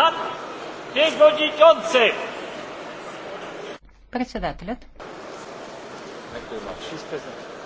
Pan przewodniczący! Председателят. Някой има 6 за.